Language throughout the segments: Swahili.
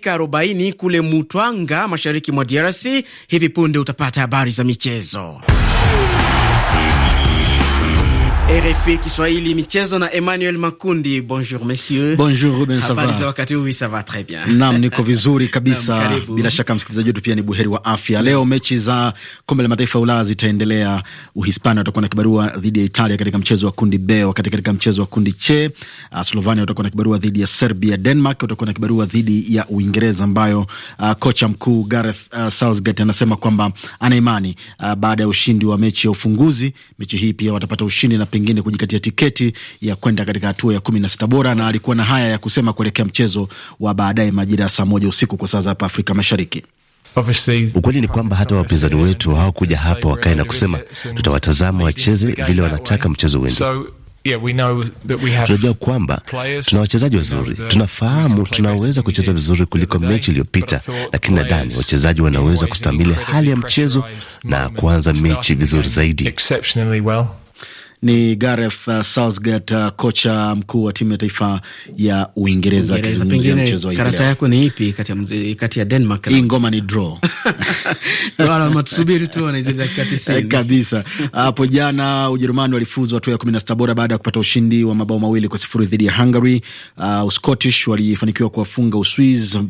dakika 40 kule Mutwanga, mashariki mwa DRC. Hivi punde utapata habari za michezo. RFI Kiswahili michezo na Emmanuel Makundi. Bonjour messieurs. Bonjour Ruben, ça va? Habari za wakati huu? Ça va très bien. Naam, niko vizuri kabisa. Bila shaka msikilizaji wetu pia ni buheri wa afya. Leo mechi za kombe la mataifa ya Ulaya zitaendelea. Uhispania watakuwa na kibarua dhidi ya Italia katika mchezo wa kundi B, wakati katika mchezo wa kundi C uh, Slovenia watakuwa na kibarua dhidi ya Serbia, Denmark watakuwa na kibarua dhidi ya Uingereza ambayo uh, kocha mkuu Gareth uh, Southgate anasema kwamba ana imani uh, baada ya ushindi wa mechi ya ufunguzi, mechi hii pia watapata ushindi na pengine kujikatia tiketi ya kwenda katika hatua ya kumi na sita bora, na alikuwa na haya ya kusema kuelekea mchezo wa baadaye majira ya saa moja usiku kwa saa za hapa Afrika Mashariki. Ukweli ni kwamba hata wapinzani wetu hawakuja hapa wakae na kusema tutawatazama wacheze vile wanataka mchezo wenu. tunajua kwamba tuna wachezaji wazuri, tunafahamu tunaweza kucheza vizuri kuliko mechi iliyopita, lakini nadhani wachezaji wanaweza kustamili hali ya mchezo na kuanza mechi vizuri zaidi. Ni Gareth uh, Southgate uh, kocha mkuu wa timu ya taifa ya Uingereza akizungumzia mchezo wa karata yako ni ipi kati ya kati ya Denmark Hii ngoma ni draw wala matusubiri tu na hizo dakika 90 eh, kabisa. Hapo jana Ujerumani walifuzu hatua ya 16 bora baada ya kupata ushindi wa mabao mawili kwa sifuri dhidi ya Hungary. Uh, Uscottish walifanikiwa kuwafunga Uswiz, uh,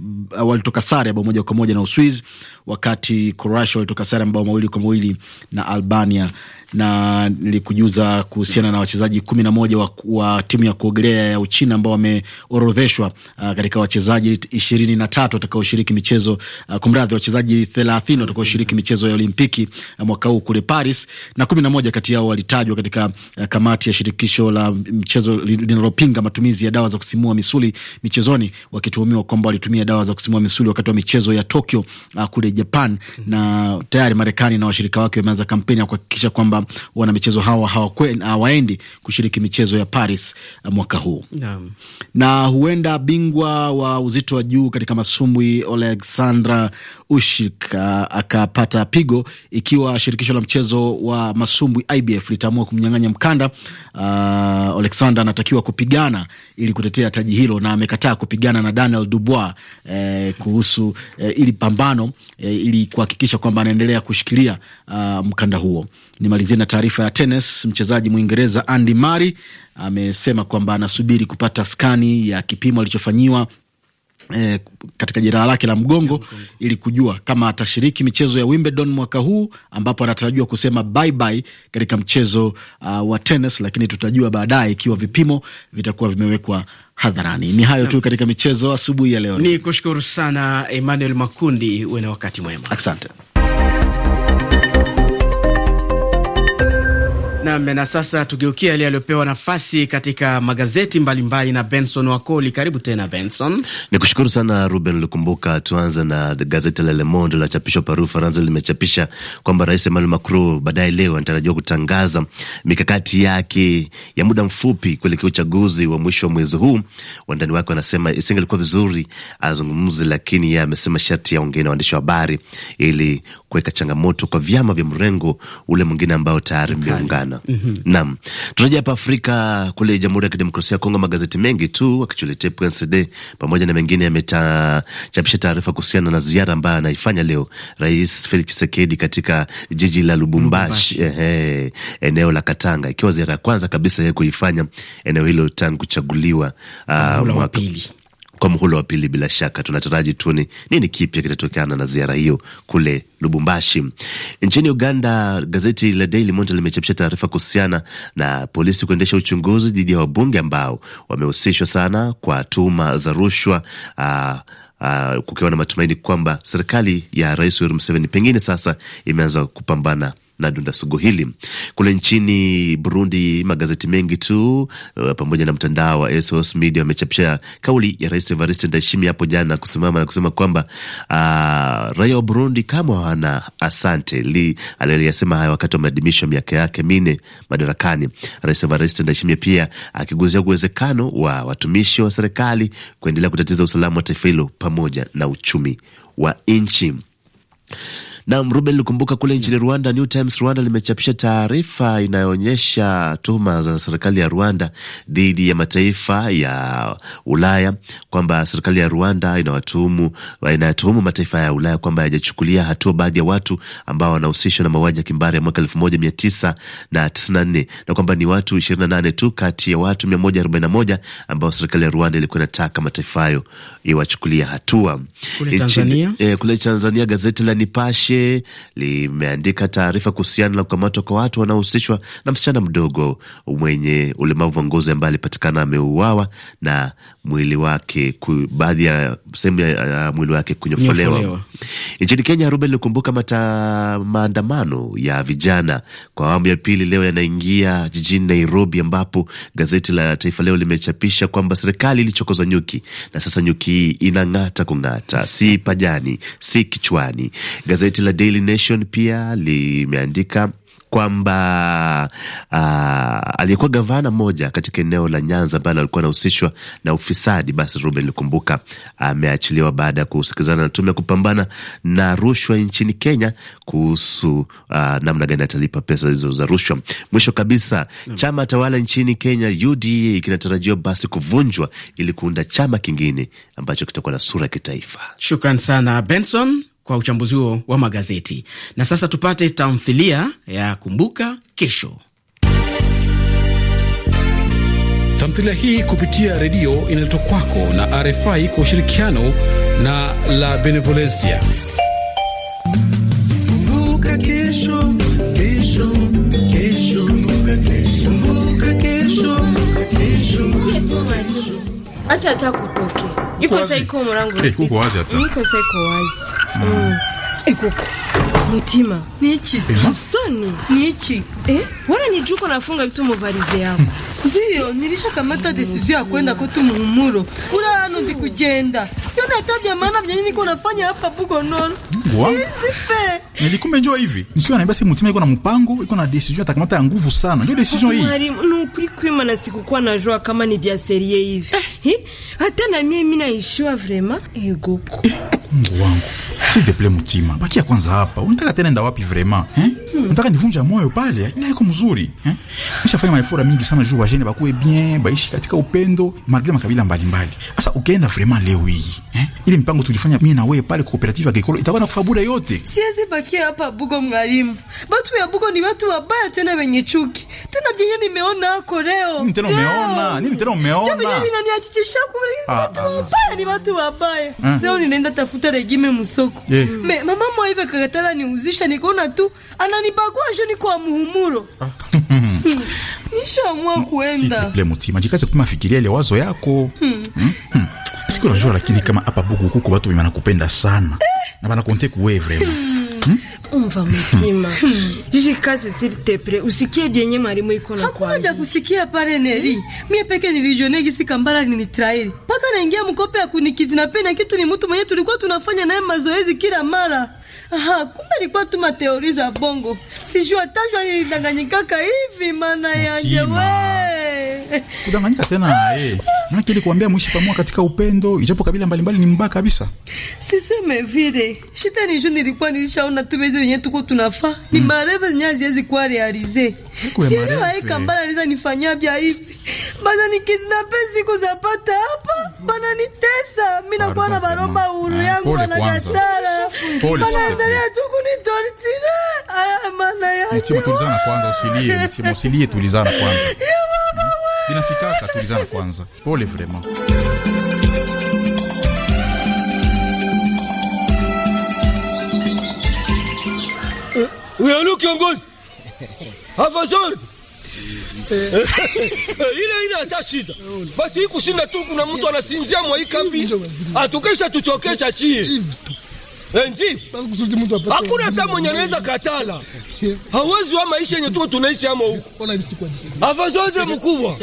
walitoka sare bao moja kwa moja na Uswiz, wakati Croatia walitoka sare mabao mawili kwa mawili na Albania na nilikujuza kuhusiana na wachezaji kumi na moja wa, wa timu ya kuogelea ya Uchina ambao wameorodheshwa uh, katika wachezaji ishirini na tatu watakaoshiriki michezo uh, kumradhi, wachezaji thelathini watakaoshiriki michezo ya Olimpiki uh, mwaka huu kule Paris, na kumi na moja kati yao walitajwa katika kamati ya shirikisho la mchezo linalopinga matumizi ya dawa za kusimua misuli michezoni, wakituhumiwa kwamba walitumia dawa za kusimua misuli wakati wa michezo ya Tokyo kule Japan, na tayari Marekani na washirika wake wameanza kampeni ya kuhakikisha kwamba wanamichezo hawa hawaendi kushiriki michezo ya Paris eh, mwaka huu yeah. Na huenda bingwa wa uzito wa juu katika masumbwi Oleksandra Ushik eh, akapata pigo ikiwa shirikisho la mchezo wa masumbwi IBF litaamua kumnyang'anya mkanda. Uh, Oleksandra anatakiwa kupigana ili kutetea taji hilo na amekataa kupigana na Daniel Dubois eh, kuhusu eh, ili pambano eh, ili kuhakikisha kwamba anaendelea kushikilia uh, mkanda huo. Nimalizie Tumalizie na taarifa ya tenis. Mchezaji Mwingereza Andy Murray amesema kwamba anasubiri kupata skani ya kipimo alichofanyiwa E, katika jeraha lake la mgongo ili kujua kama atashiriki michezo ya Wimbledon mwaka huu ambapo anatarajiwa kusema bye bye katika mchezo uh, wa tenis, lakini tutajua baadaye ikiwa vipimo vitakuwa vimewekwa hadharani. Ni hayo tu katika michezo asubuhi ya leo. Ni kushukuru sana Emmanuel Makundi, uwe na wakati mwema, asante. Nam, na sasa tugeukia yale yaliyopewa nafasi katika magazeti mbalimbali mbali na Benson Wakoli. Karibu tena Benson. Ni kushukuru sana Ruben Lukumbuka. Tuanze na gazeti la Le Monde la chapisho paru Ufaransa, limechapisha kwamba Rais Emmanuel Macron baadaye leo anatarajiwa kutangaza mikakati yake ya muda mfupi kuelekea uchaguzi wa mwisho wa mwezi huu. Wandani wake wanasema isingelikuwa vizuri azungumzi, lakini yeye amesema sharti yaongee na waandishi wa habari ili kuweka changamoto kwa vyama vya mrengo ule mwingine ambao tayari vimeungana. mm -hmm. Naam, tunaja hapa Afrika, kule Jamhuri ya Kidemokrasia ya Kongo, magazeti mengi tu akichuletea PNCD pamoja na mengine yamechapisha taarifa kuhusiana na ziara ambayo anaifanya leo Rais Felix Tshisekedi katika jiji la Lubumbashi, ehe, eneo la Katanga, ikiwa ziara ya kwanza kabisa ya kuifanya eneo hilo tangu kuchaguliwa uh, mwaka kwa mhula wa pili. Bila shaka tunataraji tuni nini kipya kitatokana na ziara hiyo kule Lubumbashi. Nchini Uganda, gazeti la Daily Monitor limechapisha taarifa kuhusiana na polisi kuendesha uchunguzi dhidi ya wabunge ambao wamehusishwa sana kwa tuhuma za rushwa. Uh, kukiwa na matumaini kwamba serikali ya Rais Yoweri Museveni pengine sasa imeanza kupambana na donda sugu hili. Kule nchini Burundi, magazeti mengi tu uh, pamoja na mtandao wa SOS Media wamechapisha kauli ya Rais Evariste Ndayishimiye hapo jana kusimama na kusema kwamba uh, raia wa Burundi kama wana asante. Li aliyasema haya wakati wa maadhimisho ya miaka yake minne madarakani. Rais Evariste Ndayishimiye pia akiguzia uwezekano wa watumishi wa serikali kuendelea kutatiza usalama wa taifa hilo pamoja na uchumi wa nchi. Na Ruben Lukumbuka, kule nchini Rwanda, New Times Rwanda limechapisha taarifa inayoonyesha tuhuma za serikali ya Rwanda dhidi ya mataifa ya Ulaya kwamba serikali ya Rwanda inawatuhumu inayatuhumu mataifa ya Ulaya kwamba hayajachukulia hatua baadhi ya watu ambao wanahusishwa na mauaji ya kimbari ya mwaka elfu moja mia tisa na, na kwamba ni watu ishirini na nane tu kati ya watu mia moja arobaini na moja ambao serikali ya Rwanda ilikuwa inataka mataifa hayo iwachukulia hatua. Kule Tanzania, e, kule Tanzania gazeti la Nipashe Mwananchi limeandika taarifa kuhusiana na kukamatwa kwa watu wanaohusishwa na msichana mdogo mwenye ulemavu wa ngozi ambaye alipatikana ameuawa na mwili wake, baadhi ya sehemu ya mwili wake kunyofolewa. Nchini Kenya, Rube likumbuka maandamano ya vijana kwa awamu ya pili leo yanaingia jijini Nairobi, ambapo gazeti la Taifa Leo limechapisha kwamba serikali ilichokoza nyuki na sasa nyuki hii inang'ata kung'ata, si pajani si kichwani. Gazeti la la Daily Nation pia limeandika kwamba uh, aliyekuwa gavana moja katika eneo la Nyanza ambalo alikuwa anahusishwa na ufisadi, basi Ruben Lukumbuka ameachiliwa uh, baada ya kusikizana na tume ya kupambana na rushwa nchini Kenya kuhusu uh, namna gani atalipa pesa hizo za rushwa. Mwisho kabisa, mm, chama tawala nchini Kenya UDA kinatarajiwa basi kuvunjwa ili kuunda chama kingine ambacho kitakuwa na sura ya kitaifa. Shukran sana Benson kwa uchambuzi huo wa magazeti. Na sasa tupate tamthilia ya Kumbuka Kesho. Tamthilia hii kupitia redio inaletwa kwako na RFI kwa ushirikiano na La Benevolencia. Kumbuka kesho, kesho, kesho. acha hata kutoke, yuko saiko mwanangu, eh, niko wazi hata niko saiko wazi mm. mm ekuka mutima ni iki eh? se eh wala nijua uko nafunga vitu mu varize yako ndiyo nilishakamata decision ya kwenda kwetu muhumuro ura hano ndi kugenda sioni hata vya maana vya nini niko nafanya hapa bugonono sizife nilikumbe njoo hivi nisikia naambia si mutima iko na mpango iko na decision atakamata ya nguvu sana ndio decision hii mwalimu nukuri kwima na na joa kama ni vya serie hivi Eh? eh? hata na mimi naishiwa vrema egoko eh? wangu S'il te plaît Mutima, bakia kwanza hapa. Unataka tena enda wapi vraiment? Eh? Hmm. Nataka nivunja moyo pale. Ila mzuri, eh? Nishafanya maefora mingi sana juu wajene bakuwe bien, baishi katika upendo, malgré makabila mbalimbali. Sasa ukienda vraiment leo hii, eh? Ile mipango tulifanya mimi na wewe pale cooperative agricole itakuwa na kufabura yote. Siwezi bakia hapa Bugo mwalimu. Watu ya Bugo ni watu wabaya tena wenye chuki. Tena byenye nimeona hako leo. Mimi tena umeona, nini tena umeona? Jambo ah, Watu ah, ah. wabaya ni watu wabaya. Eh? Leo ninaenda tafuta regime msoko. Yeah. Mm. Me, mama mwaive kakatala niuzisha nikaona tu ananibagua joni kwa muhumuro. Nishaamua ah. mm, kuenda. Siple mutima, jikaze kumafikiria ile wazo yako. Hmm. Hmm. Hmm. Siku unajua lakini kama hapa buku kuko watu wanakupenda sana. Eh. Na banakonte kuwe vraiment. Mm. Umva mtima. Jikaze s'il usikie byenye mwalimu iko kwa. Hakuna kusikia pale Neri. Mie peke nilijonegi sikambala nilitraili naingia mkope ya kunikizi na pena kitu ni mtu mwenye tulikuwa tunafanya naye mazoezi kila mara. Aha, kumbe ilikuwa tu mateori za bongo. Sijua tajwa nilidanganyikaka hivi maana yange wewe. kudanganyika tena eh. Maana nilikuambia mwishi pamoja katika upendo, ijapo kabila mbalimbali ni mbaya kabisa. Siseme vile. Shida ni juu nilikuwa nilishaona tu bezi yenyewe tuko tunafaa. Ni hmm. mareve zenyewe haziwezi kuwa realize. Sio waeka mbaya anaweza nifanyia bia hivi. Bana nikizina pesa iko zapata hapa. Bana nitesa. Mimi nakuwa na baromba huru eh, yangu na gatara. Bana endelea tu kunitortira. Ah, maana yake. Mchimo tulizana kwanza usilie, mchimo usilie tulizana kwanza. Binafikaka, tulizana kwanza. Pole vraiment. uyalu eh, kiongozi. Hafazoni. Eh, ile ile hata shida. Basi hii kushinda tu kuna mtu anasinzia mwa Atukesha ah, tuchokesha chie. Enti? Eh, Hakuna hata mwenye anaweza katala. Hawezi wa maisha yenye tuko tunaishi ama huko. Afazoze mkubwa.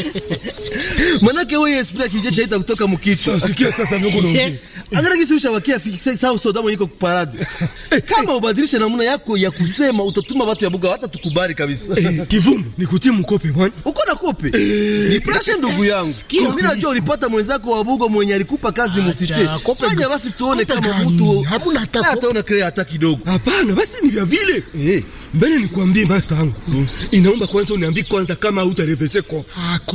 Manake wewe esprit kijeshi haitakutoka mkichwa. Sikia sasa mimi eh, Angalia kisi ushabakia fixe sawa soda mwenye iko parade. Eh, kama ubadilisha namna yako ya kusema utatuma watu ya buga hata tukubali kabisa. Eh, Kivumu nikutie mkope bwana. Uko na kope? Eh. Ni pressure ndugu yangu. Mimi najua ulipata mwenzako wa buga mwenye alikupa kazi msite. Fanya basi tuone kama mtu hakuna hata hata una crea hata kidogo. Hapana, basi ni vya vile. Eh. Mbele nikwambie master wangu. Mm. Inaomba kwanza uniambie kwanza kama utarevese kwa.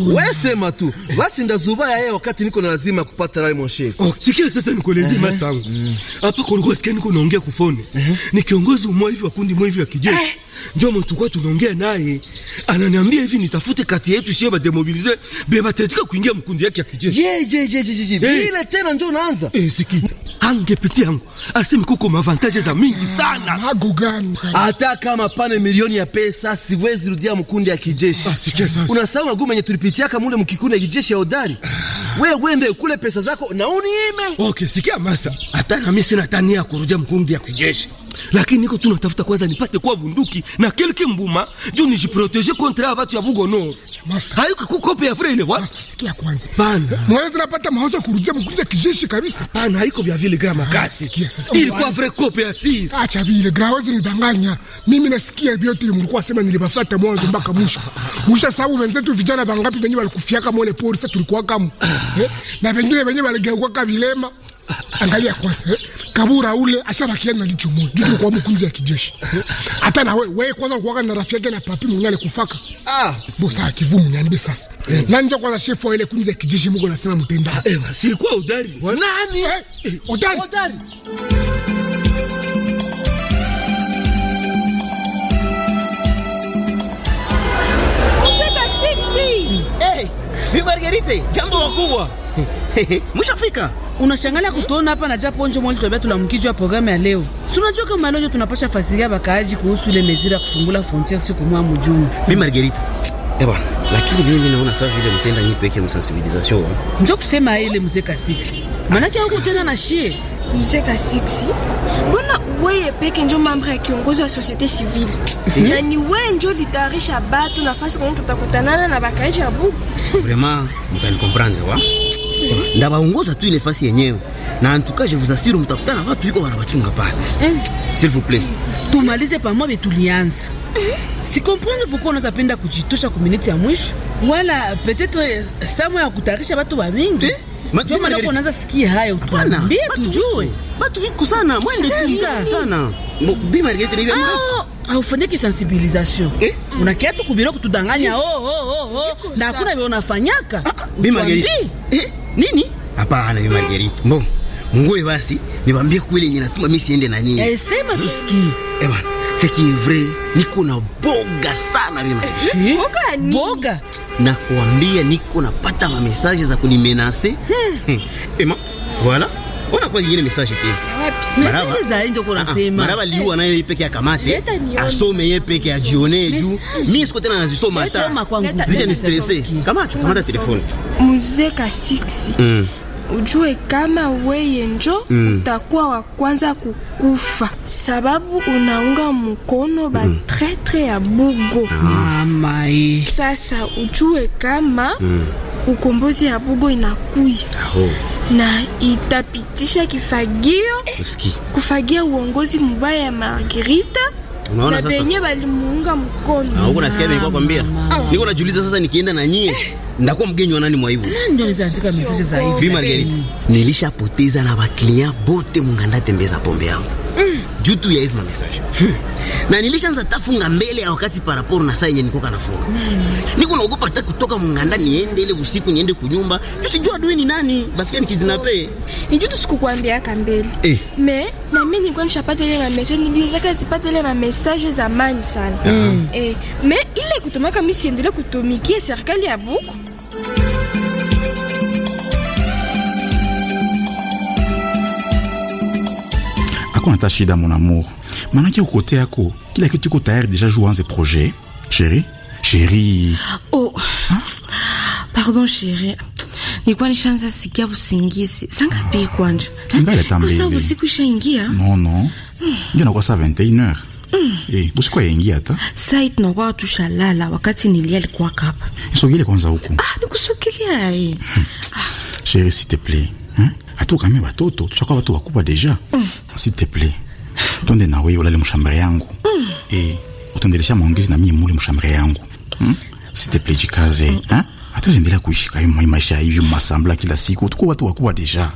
Wewe sema tu. Basi ndazubaya yeye wakati niko na lazima kupata rai mwashe. cher. Oh, sikia sasa ni nikuelezie uh-huh. master wangu mm. hapa uh-huh. kulikuwa sikia niko naongea kufone uh-huh. ni kiongozi umwa hivi wa kundi mwa hivi wa kijeshi eh. ndio mtukua tunaongea naye ananiambia hivi nitafute kati yetu shie bademobilize bebatetika kuingia mkundi yake ya kijeshi ye ye ye ye ye bila eh. tena ndio unaanza eh, sikii angepiti yangu asemi kuko mavantaje za mingi sana magu ah, gani? Hata kama pane milioni ya pesa siwezi rudia mkundi ya kijeshi. Ah, Unasahau magumu yenye tulipitiaka mule mkikundi ya kijeshi ya odari. Ah. Wewe wende kule pesa zako na uniime. Okay, sikia masa. Hata na mimi sina tania kurudia mkundi ya kijeshi. Lakini niko tunatafuta kwanza nipate kwa bunduki na kelke mbuma juu nijiproteje kontra ya watu ya Bugono. Master. Hayo ya vile ile wapi? Master sikia kwanza. Bana. Eh? Mwana tunapata mawazo kurudia mkunja kijeshi kabisa. Bana, haiko vya vile gram kasi. Sikia sasa. Ilikuwa vile kopi ya siri. Acha vile gram wazi nidanganya. Mimi nasikia vyote mlikuwa sema nilibafuata mwanzo mpaka mwisho. Mwisho sababu wenzetu vijana bangapi wenyewe walikufiaka mole polisi tulikuwa kama. Eh? Na wengine wenyewe waligeuka kama vilema. Angalia kwanza, Kabura ule ashabakia na licho moja juu kwa mkunzi ya kijeshi. Hata na wewe wewe kwanza kuwaka na rafiki yake na papi mngale kufaka. Ah, bosa akivumu nyani be sasa. Eh. Na nje kwanza chef ile kunzi ya kijeshi mko nasema mtenda. Ah, eh, si kwa udari. Nani? eh, Udari. Eh, udari. Hey, eh, Margarite, jambo wakubwa. Mshafika? unashangala kutuona hapa na japo onjo mwali tuabia tulamkijwa ya programu ya leo. Si unajua kama leo tunapasha fasiria bakaaji kuhusu ile mezira ya kufungula frontiere siku mwa mjuma. Mimi Margarita. Eh bwana, lakini mimi naona sawa vile mtenda nyi msensibilisation. Njoo kusema ile mzee kasisi. Maana yake huko tena na shie. Sekta 6 mbona weye peke njo mambre ya kiongozi wa societe civile hmm? na ni weye njo litayarisha batu nafasi kwani tutakutanana na bakaishi ya buku. Vraiment mutanikomprendre wa hmm. ndabaongoza tu ile fasi yenyewe, na antuka je vous assure mutakutana watu iko wanabachunga pale. Hmm. S'il vous plaît, tumalize pamoja tulianza Sikomprendre pourquoi unaza penda kujitosha ku minute ya mwisho wala peut-être euh, samo ya kutayarisha batu bamingi maana unaanza sikia tujue. Batu wiko sana, mwende Bi ni sensibilisation eh? Unakia tu kubira kutudanganya si. Oh, oh, oh, oh. Na hakuna vile unafanyaka ah, ah Bi eh? Nini? Hapana Bi eh. Marguerite mbo mungue basi niwaambie kweli yenye natuma mimi siende na nyinyi. Eh, sema tusikie. Eh Feki Ivre, niko na boga sana mimi. Boga ni? Boga. Nakuambia niko napata ma hmm. eh, message za kunimenase. Hmm. Ema, voilà. Ona kwa nyingine message tena. Maraba za ndio kuna sema. Ah, Maraba liu eh. anayo yeye peke akamate. Asome yeye peke ajione juu. Mimi siko tena nazisoma hata. Sija ni stressé. Kamacho, kamata telefoni. Mzee 6. Mm ujue kama weye njo mm. utakuwa wa kwanza kukufa sababu unaunga mkono ba mm. ya Bugo. Ah, sasa ujue kama mm. ukombozi ya Bugo inakuya oh. na itapitisha kifagio Uski. kufagia uongozi mubaya ya Margarita na benye balimuunga mkono. Niko najiuliza sasa nikienda na nyie eh. Ndakuwa mgenyi wa nani mwaibu? Ndio za nilishapoteza na baklia bote munganda tembeza pombe yangu juu tu ya hizo message hmm. Na nilishaanza tafunga mbele ya wakati paraporo na saa yenye niko nafunga hmm. niko naogopa hata kutoka munganda niende ile usiku niende kunyumba juu sijua adui ni nani, basi ni kizinape ni juu sikukwambia mbele eh. Me na mimi nilikuwa nishapata ile message, nilizaka sipata ile ma message zamani sana mm. Eh, me ile kutumaka mimi siendelee kutumikia serikali ya buku hakuna hata shida, mon amour, maanake ukote ako kila kitu iko tayari deja juu anze projet. chéri sheri. Oh. Ha? Hein? Pardon ni nilikuwa nishaanza sikia usingizi sanga kwanja, kwa sababu siku ishaingia. No, no, ndio nakuwa saa 21h Mm. Eh, usiku aingia hata. Sasa tunakuwa tushalala wakati nilia alikuwa kapa. Nisogelee kwanza huko. Ah, nikusogelea eh. Hum. Ah, sheri s'il te plaît. Hein? hatukamie watoto, tushakuwa watu wakubwa deja. Mm. S'il te plait twende na wewe ulale mshambara yangu. Mm. Eh, utaendelesha maongezi na mimi mule mshambara yangu. Mm? S'il te plait jikaze. Mm. Ha? Hatuwezi endelea kuishi kwa maisha hivi masambla kila siku. Tuko watu wakubwa deja.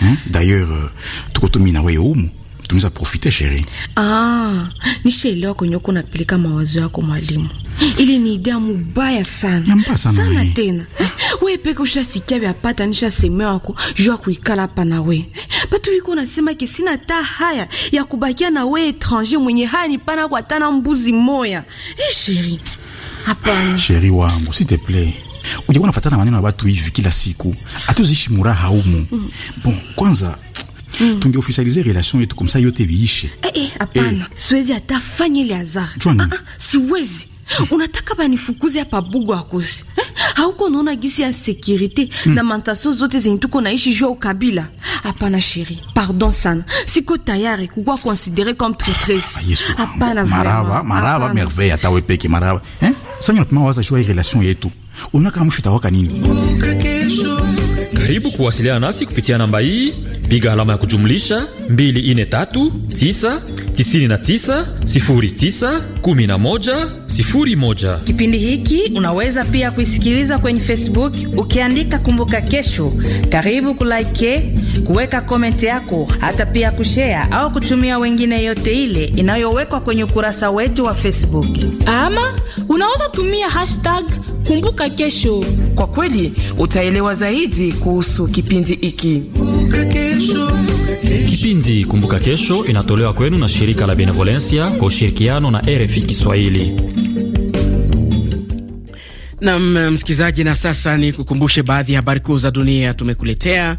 Hein? D'ailleurs, tuko tumi na wewe umu tunaweza profite sheri. Ah, nishaelewa kwenye uko napeleka mawazo yako mwalimu. Ile ni idea mubaya sana sana, sana tena we peke ushasikia nisha seme wako jua kuikala hapa na we Batu wiko nasema ke sina ta haya ya kubakia na we etranger mwenye haya ni pana kwa tana mbuzi moya. Eh, sheri hapana. Sheri wangu s'il te plaît ujakuwa nafatana maneno ya watu hivi kila siku, hatuziishi muraha humu. Mm. Bon, kwanza mm. tungeofisialize relation yetu kumsa yote viishe. Eh, eh, hapana eh. Siwezi hata fanya ile azara ah, ah, siwezi mm. unataka banifukuze hapa bugu akosi eh? hauko unaona gisi ya sekirite mm. na mantaso zote zenye tuko naishi jua ukabila hapana sheri pardon sana siko tayari kukuwa konsidere comme tritrese ah, hapana maraba maraba merveille atawe peke eh? sanyo natuma waza jua irelation yetu unaka mshu tawaka nini karibu kuwasiliana nasi kupitia namba hii, piga alama ya kujumlisha 243 999 0911 Kipindi hiki unaweza pia kuisikiliza kwenye Facebook ukiandika Kumbuka Kesho. Karibu kulike, kuweka komenti yako, hata pia kushea au kutumia wengine, yote ile inayowekwa kwenye ukurasa wetu wa Facebook. Ama unaweza tumia hashtag Kumbuka Kesho. Kwa kweli utaelewa zaidi kuhusu kipindi hiki. Kipindi Kumbuka Kesho inatolewa kwenu na shirika la Benevolencia kwa ushirikiano na RFI Kiswahili. Nam msikilizaji, na sasa ni kukumbushe baadhi ya habari kuu za dunia tumekuletea.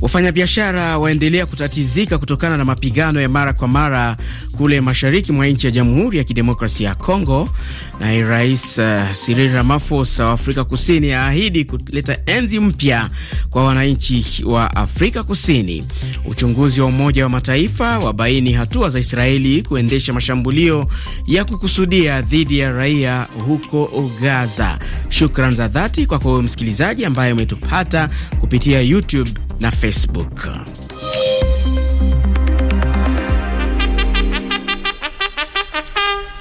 Wafanyabiashara waendelea kutatizika kutokana na mapigano ya mara kwa mara kule mashariki mwa nchi ya Jamhuri ya Kidemokrasia ya Kongo. Naye Rais uh, Cyril uh, Ramaphosa wa Afrika Kusini aahidi kuleta enzi mpya kwa wananchi wa Afrika Kusini. Uchunguzi wa Umoja wa Mataifa wabaini hatua za Israeli kuendesha mashambulio ya kukusudia dhidi ya raia huko Gaza. Shukran za dhati kwako wewe msikilizaji ambaye umetupata kupitia YouTube na Facebook.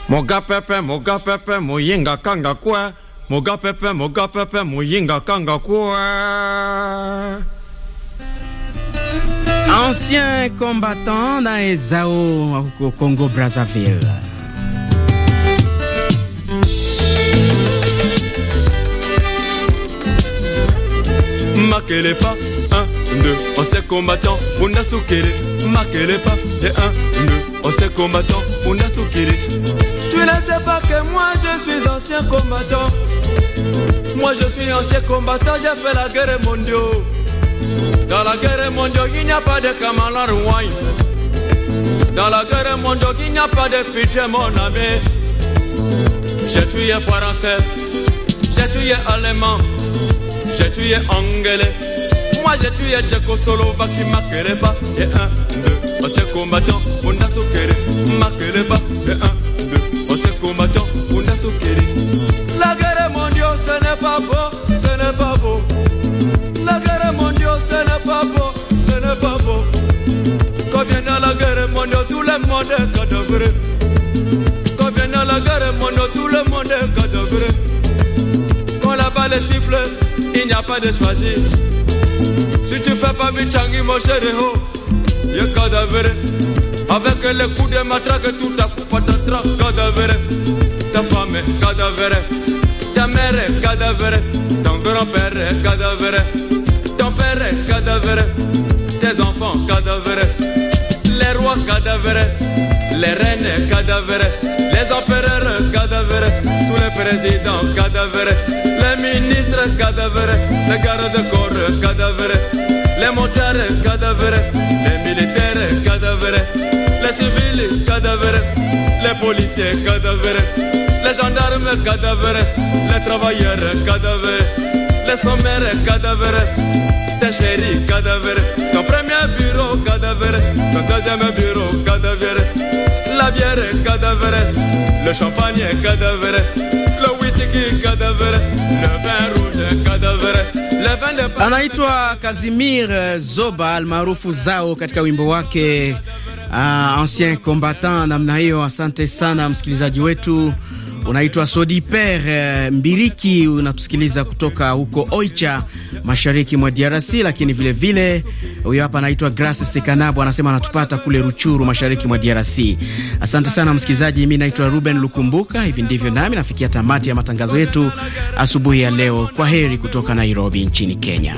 mogapepe mogapepe moga muyinga kanga kwe mogapepe mogapepe muyinga kanga kwe ancien combattant na Ezao huko Congo Brazzaville. Marquez pas, un, deux, on combattant, on a soukéré. les pas, et un deux, on combattant, on a Tu ne sais pas que moi je suis ancien combattant. Moi je suis ancien combattant, j'ai fait la guerre mondiale. Dans la guerre mondiale, il n'y a pas de Kamala Rouaï Dans la guerre mondiale, il n'y a pas de pitié, mon ami. J'ai tué Français, j'ai tué Allemand j'ai tué Angele. Moi j'ai tué Tchécoslovaquie, pas, Et un, deux, on s'est combattant, on a souquéré. pas, Et un, deux, on s'est combattant, on a souquéré. La guerre mondiale, ce n'est pas beau, ce n'est pas beau. La guerre mondiale, ce n'est pas beau, ce n'est pas beau. Quand vient la guerre mondiale, tout le monde est cadeau. les siffles, il n'y a pas de choisir. Si tu fais pas Bichangi, mon cher héros, y'a cadavéré. Avec le coup de matraque, tout à coup, un cadavéré. Ta femme est ta mère est ton grand-père est cadavéré, ton père est cadavéré, tes enfants cadavérés, les rois cadavérés, les reines cadavérés, les empereurs cadavérés président cadavre, le ministre cadavre, le garde-corps cadavre, les motards cadavre, les militaires cadavre, les civils cadavre, les policiers cadavre, les gendarmes cadavre, les travailleurs cadavre, les sommaires cadavre, tes chéris cadavre, ton premier bureau cadavre, ton deuxième bureau cadavre, la bière cadavre, le champagne cadavre. Anaitwa Kazimir euh, Zoba almaarufu Zao katika wimbo wake uh, ancien combattant namna hiyo. Asante sana msikilizaji wetu. Unaitwa Sodiper eh, Mbiriki, unatusikiliza kutoka huko Oicha, mashariki mwa DRC. Lakini vilevile huyo hapa anaitwa Grace Sekanabo, anasema anatupata kule Ruchuru, mashariki mwa DRC. Asante sana msikilizaji, mi naitwa Ruben Lukumbuka. Hivi ndivyo nami nafikia tamati ya matangazo yetu asubuhi ya leo. Kwa heri kutoka Nairobi nchini Kenya.